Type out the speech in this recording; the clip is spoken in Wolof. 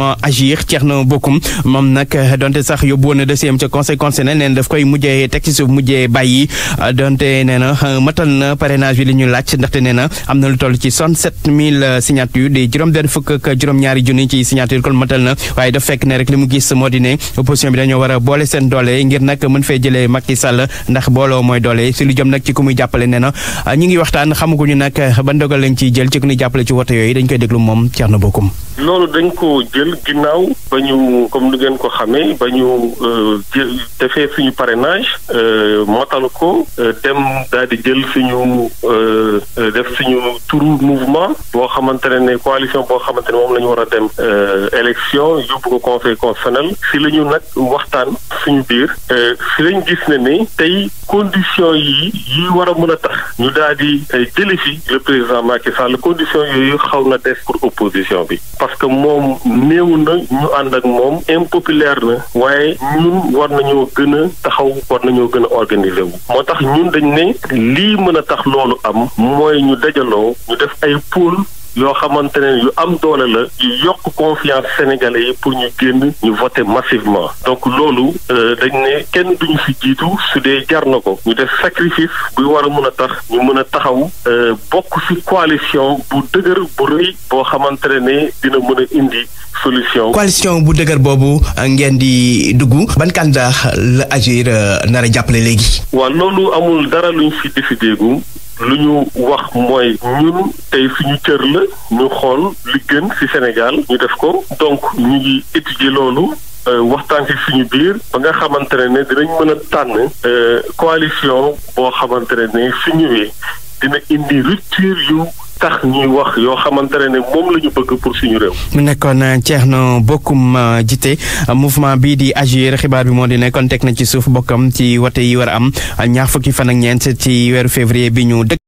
ma agir Thierno Bocoum moom nag eh, donte sax yóbbu woon na deuxième ca conseil constitutionnel neen daf koy mujjee teg ci suuf mujjee bàyyi eh, donte nee na eh, matal na parrainage bi li ñu laaj ndaxte nee na am na lu toll ci soixante-sept mille signature di juróom den fukk ak juróom-ñaari junni ci signature kon matal na waaye daf fekk ne rek li mu gis moo di ne opposition bi dañoo war boole seen doole ngir nag mën fee jëlee Macky Sall ndax booloo mooy doole si lu jëm nag ci ku jàppale nee na ñu ngi waxtaan xamaguñu nag ban dogal lañ ciy jël ci jàppale ci wote yooyu dañ koy déglu moom Thierno Bocoum jël ginnaaw ba ñu comme lu ngeen ko xamee ba ñu euh, defee suñu parrainage euh, matal ko euh, dem daal di jël suñu def suñu turu mouvement boo xamante ne coalition boo xamante ne moom la ñu war a dem élection yóbbu ko conseil constitutionnel si la ñu nag waxtaan suñu biir si lañ gis ne ni tey condition yi yi war a mën a tax ñu daal di jële fi le président Macky Sall condition yooyu xaw na des pour opposition bi parce que moom néewu na ñu ànd ak moom impopulaire na waaye ñun war nañoo gën a taxaw war nañoo gën a organiser wu. moo tax ñun dañ ne lii mën a tax loolu am mooy ñu dajaloo ñu def ay pôle yoo xamante ne yu am doole la yu yokk confiance sénégalais yi pour ñu génn ñu voter massivement donc loolu euh, dañ ne kenn duñu fi jiitu su dee jar na ko ñu def sacrifice buy war a mën a tax ñu mën a taxaw euh, bokk ci coalition bu dëgër bu rëy boo xamante ne dina mën a indi solution. coalition bu dëgër boobu euh, ngeen di dugg ban candidat la agir nar a jàppale léegi. waaw loolu amul dara luñ fi décidé lu ñu wax mooy ñun tey suñu cër la ñu xool li gën ci Sénégal ñu def ko donc ñu ngi étudier loolu euh, waxtaan ci suñu biir ba nga xamante ne dinañ mën a tànn euh, coalition boo xamante ne su ñëwee dina indi rupture yu tax ñuy wax yoo xamante ne moom la ñu bëgg pour suñu réew. mu nekkoon euh, Thierno Bocoum euh, jite mouvement bii di agir xibaar bi moo di nekkoon teg na ci suuf bokkam ci wote yi war a am ñaar fukki fan ñeent ci weeru février bi ñu dëkk.